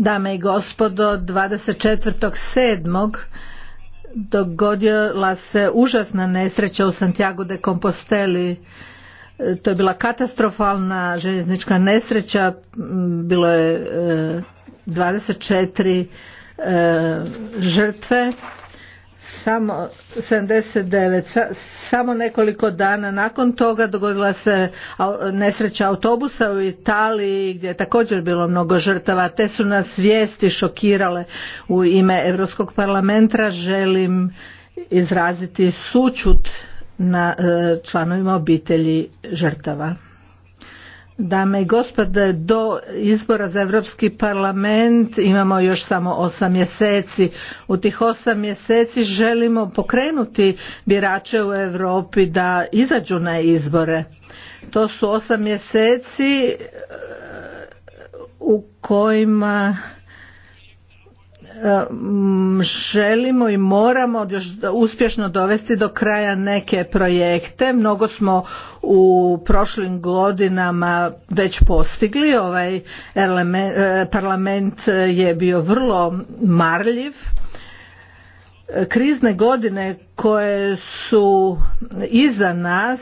Dame i gospodo, 24.7. dogodila se užasna nesreća u Santiago de Composteli. E, to je bila katastrofalna željeznička nesreća. Bilo je 24 e, e, žrtve samo 79 samo nekoliko dana nakon toga dogodila se nesreća autobusa u Italiji gdje je također bilo mnogo žrtava te su nas vijesti šokirale u ime Europskog parlamenta želim izraziti sučut na e, članovima obitelji žrtava Dame i gospode, do izbora za Europski parlament imamo još samo osam mjeseci. U tih osam mjeseci želimo pokrenuti birače u Europi da izađu na izbore. To su osam mjeseci e, u kojima želimo i moramo još uspješno dovesti do kraja neke projekte. Mnogo smo u prošlim godinama već postigli. Ovaj e, parlament je bio vrlo marljiv. Krizne godine koje su iza nas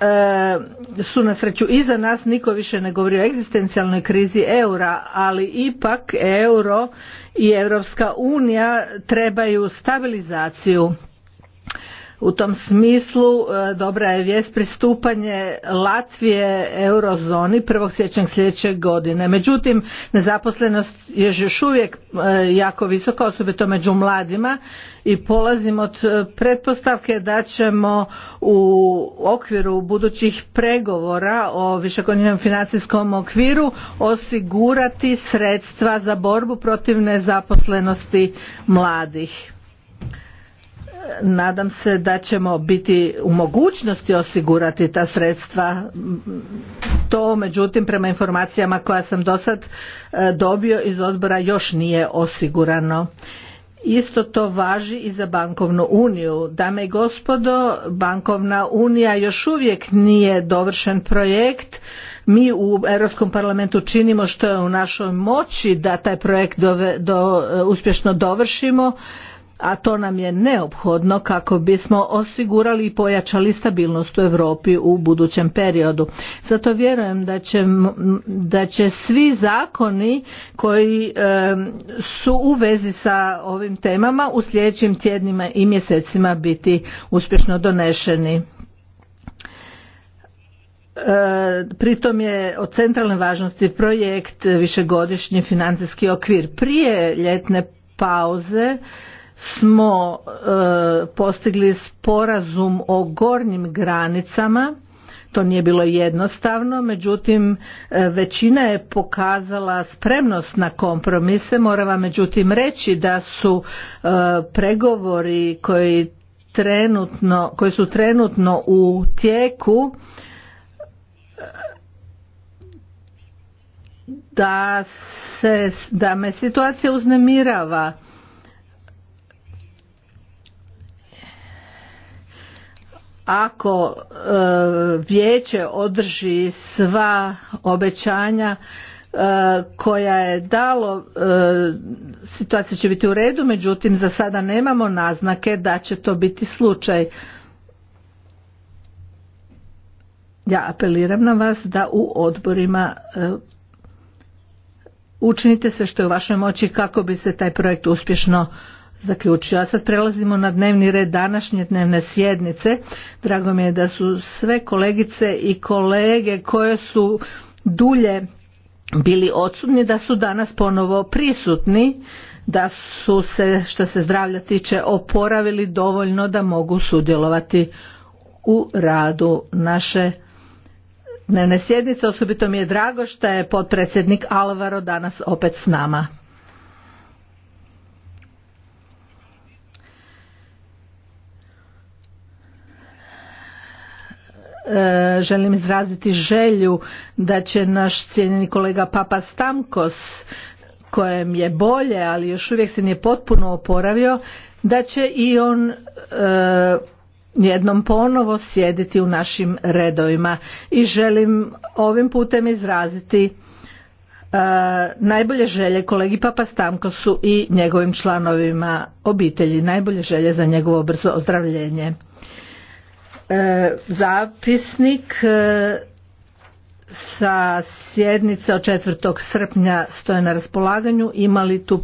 E, su na sreću iza nas, niko više ne govori o egzistencijalnoj krizi eura, ali ipak euro i Europska unija trebaju stabilizaciju u tom smislu e, dobra je vijest pristupanje Latvije eurozoni 1. siječnja sljedećeg godine. Međutim, nezaposlenost je još uvijek e, jako visoka, osobito među mladima i polazim od e, pretpostavke da ćemo u okviru budućih pregovora o višekonjenom financijskom okviru osigurati sredstva za borbu protiv nezaposlenosti mladih nadam se da ćemo biti u mogućnosti osigurati ta sredstva to međutim prema informacijama koja sam do sad e, dobio iz odbora još nije osigurano Isto to važi i za bankovnu uniju. Dame i gospodo, bankovna unija još uvijek nije dovršen projekt. Mi u Europskom parlamentu činimo što je u našoj moći da taj projekt do, e, uspješno dovršimo a to nam je neophodno kako bismo osigurali i pojačali stabilnost u Europi u budućem periodu. Zato vjerujem da će, da će svi zakoni koji su u vezi sa ovim temama u sljedećim tjednima i mjesecima biti uspješno donešeni. E, pritom je od centralne važnosti projekt višegodišnji financijski okvir. Prije ljetne pauze smo e, postigli sporazum o gornjim granicama to nije bilo jednostavno međutim e, većina je pokazala spremnost na kompromise morava vam međutim reći da su e, pregovori koji trenutno koji su trenutno u tijeku da se da me situacija uznemirava ako e, vijeće održi sva obećanja e, koja je dalo e, situacija će biti u redu međutim za sada nemamo naznake da će to biti slučaj ja apeliram na vas da u odborima učinite sve što je u vašoj moći kako bi se taj projekt uspješno zaključio. A sad prelazimo na dnevni red današnje dnevne sjednice. Drago mi je da su sve kolegice i kolege koje su dulje bili odsudni, da su danas ponovo prisutni da su se što se zdravlja tiče oporavili dovoljno da mogu sudjelovati u radu naše dnevne sjednice. Osobito mi je drago što je potpredsjednik Alvaro danas opet s nama. E, želim izraziti želju da će naš cijenjeni kolega Papa Stamkos kojem je bolje, ali još uvijek se nije potpuno oporavio, da će i on e, jednom ponovo sjediti u našim redovima. I želim ovim putem izraziti e, najbolje želje kolegi Papa Stamkosu i njegovim članovima obitelji. Najbolje želje za njegovo brzo ozdravljenje. E, zapisnik e, sa sjednice od 4. srpnja stoje na raspolaganju imali tu